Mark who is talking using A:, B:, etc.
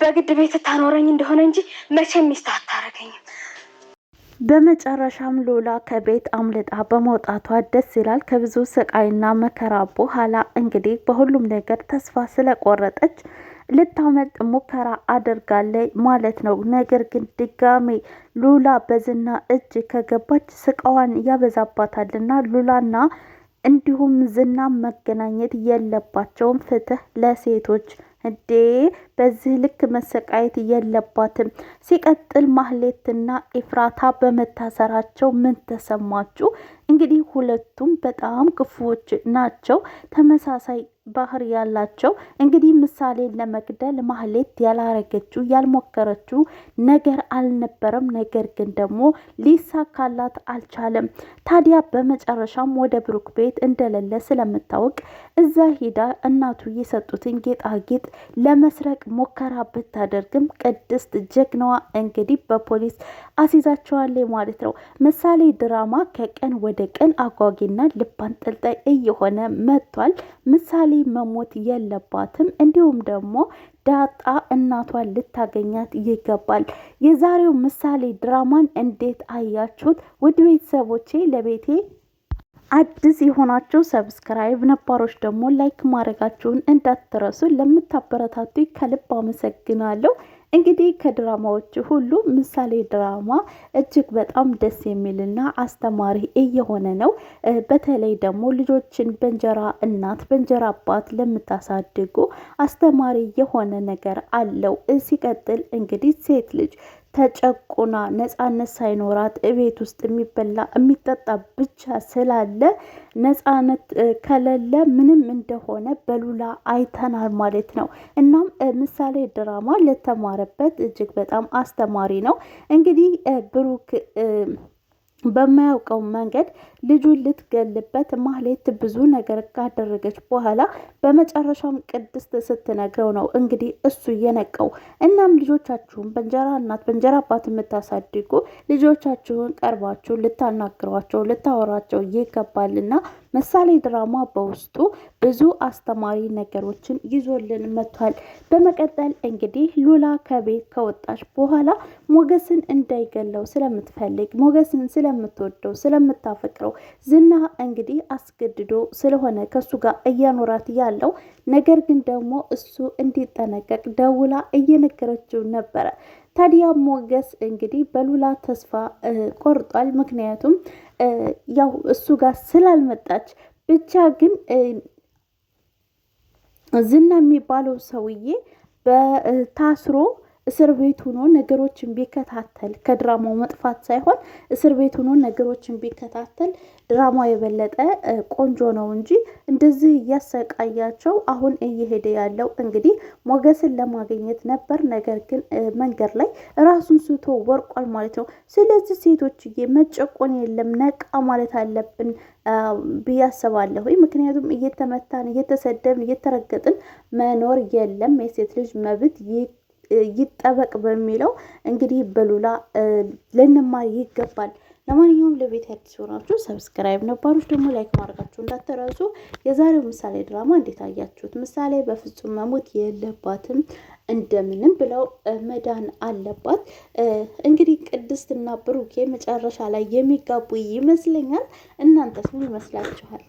A: በግድ ቤት ታኖረኝ እንደሆነ እንጂ መቼም ሚስት አታረገኝም።
B: በመጨረሻም ሎላ ከቤት አምልጣ በመውጣቷ ደስ ይላል። ከብዙ ስቃይና መከራ በኋላ እንግዲህ በሁሉም ነገር ተስፋ ስለቆረጠች ልታመጥ ሙከራ አድርጋለች ማለት ነው። ነገር ግን ድጋሜ ሉላ በዝና እጅ ከገባች ስቃዋን ያበዛባታልና ሉላና እንዲሁም ዝና መገናኘት የለባቸውም። ፍትህ ለሴቶች እንዴ በዚህ ልክ መሰቃየት የለባትም። ሲቀጥል ማህሌትና ኤፍራታ በመታሰራቸው ምን ተሰማችሁ? እንግዲህ ሁለቱም በጣም ክፉዎች ናቸው። ተመሳሳይ ባህር ያላቸው እንግዲህ ምሳሌ ለመግደል ማህሌት ያላረገችው ያልሞከረችው ነገር አልነበረም። ነገር ግን ደግሞ ሊሳካላት አልቻለም። ታዲያ በመጨረሻም ወደ ብሩክ ቤት እንደሌለ ስለምታወቅ እዛ ሄዳ እናቱ የሰጡትን ጌጣጌጥ ለመስረቅ ሞከራ ብታደርግም ቅድስት ጀግናዋ እንግዲህ በፖሊስ አስይዛቸዋለች ማለት ነው። ምሳሌ ድራማ ከቀን ወደ ቀን አጓጊና ልብ አንጠልጣይ እየሆነ መጥቷል። ምሳሌ መሞት የለባትም። እንዲሁም ደግሞ ዳጣ እናቷን ልታገኛት ይገባል። የዛሬው ምሳሌ ድራማን እንዴት አያችሁት? ውድ ቤተሰቦቼ ለቤቴ አዲስ የሆናችሁ ሰብስክራይብ፣ ነባሮች ደግሞ ላይክ ማድረጋችሁን እንዳትረሱ። ለምታበረታቱ ከልብ አመሰግናለሁ። እንግዲህ ከድራማዎች ሁሉ ምሳሌ ድራማ እጅግ በጣም ደስ የሚልና አስተማሪ እየሆነ ነው። በተለይ ደግሞ ልጆችን በእንጀራ እናት በእንጀራ አባት ለምታሳድጉ አስተማሪ የሆነ ነገር አለው። ሲቀጥል እንግዲህ ሴት ልጅ ተጨቁና ነፃነት ሳይኖራት እቤት ውስጥ የሚበላ የሚጠጣ ብቻ ስላለ ነፃነት ከሌለ ምንም እንደሆነ በሉላ አይተናል ማለት ነው። እናም ምሳሌ ድራማ ለተማረበት እጅግ በጣም አስተማሪ ነው። እንግዲህ ብሩክ በማያውቀው መንገድ ልጁን ልትገልበት ማህሌት ብዙ ነገር ካደረገች በኋላ በመጨረሻም ቅድስት ስትነግረው ነው እንግዲህ እሱ የነቀው። እናም ልጆቻችሁን በእንጀራ እናት በእንጀራ አባት የምታሳድጉ ልጆቻችሁን ቀርባችሁ ልታናግሯቸው፣ ልታወሯቸው ይገባልና ምሳሌ ድራማ በውስጡ ብዙ አስተማሪ ነገሮችን ይዞልን መጥቷል። በመቀጠል እንግዲህ ሉላ ከቤት ከወጣች በኋላ ሞገስን እንዳይገለው ስለምትፈልግ ሞገስን ስለምትወደው ስለምታፈቅረው ዝና እንግዲህ አስገድዶ ስለሆነ ከሱ ጋር እያኖራት ያለው ነገር ግን ደግሞ እሱ እንዲጠነቀቅ ደውላ እየነገረችው ነበረ። ታዲያ ሞገስ እንግዲህ በሉላ ተስፋ ቆርጧል። ምክንያቱም ያው እሱ ጋር ስላልመጣች ብቻ ግን ዝና የሚባለው ሰውዬ በታስሮ እስር ቤት ሆኖ ነገሮችን ቢከታተል ከድራማው መጥፋት ሳይሆን እስር ቤት ሆኖ ነገሮችን ቢከታተል ድራማው የበለጠ ቆንጆ ነው እንጂ እንደዚህ እያሰቃያቸው አሁን እየሄደ ያለው እንግዲህ ሞገስን ለማግኘት ነበር። ነገር ግን መንገድ ላይ ራሱን ስቶ ወርቋል ማለት ነው። ስለዚህ ሴቶችዬ መጨቆን የለም ነቃ ማለት አለብን ብዬ አስባለሁ። ምክንያቱም እየተመታን፣ እየተሰደብን፣ እየተረገጥን መኖር የለም የሴት ልጅ መብት ይጠበቅ በሚለው እንግዲህ በሉላ ልንማር ይገባል። ለማንኛውም ለቤት አዲስ ሲሆናችሁ ሰብስክራይብ፣ ነባሮች ደግሞ ላይክ ማድረጋችሁ እንዳትረሱ። የዛሬው ምሳሌ ድራማ እንዴት አያችሁት? ምሳሌ በፍጹም መሞት የለባትም እንደምንም ብለው መዳን አለባት። እንግዲህ ቅድስትና ብሩኬ መጨረሻ ላይ የሚጋቡ ይመስለኛል። እናንተስ ምን ይመስላችኋል?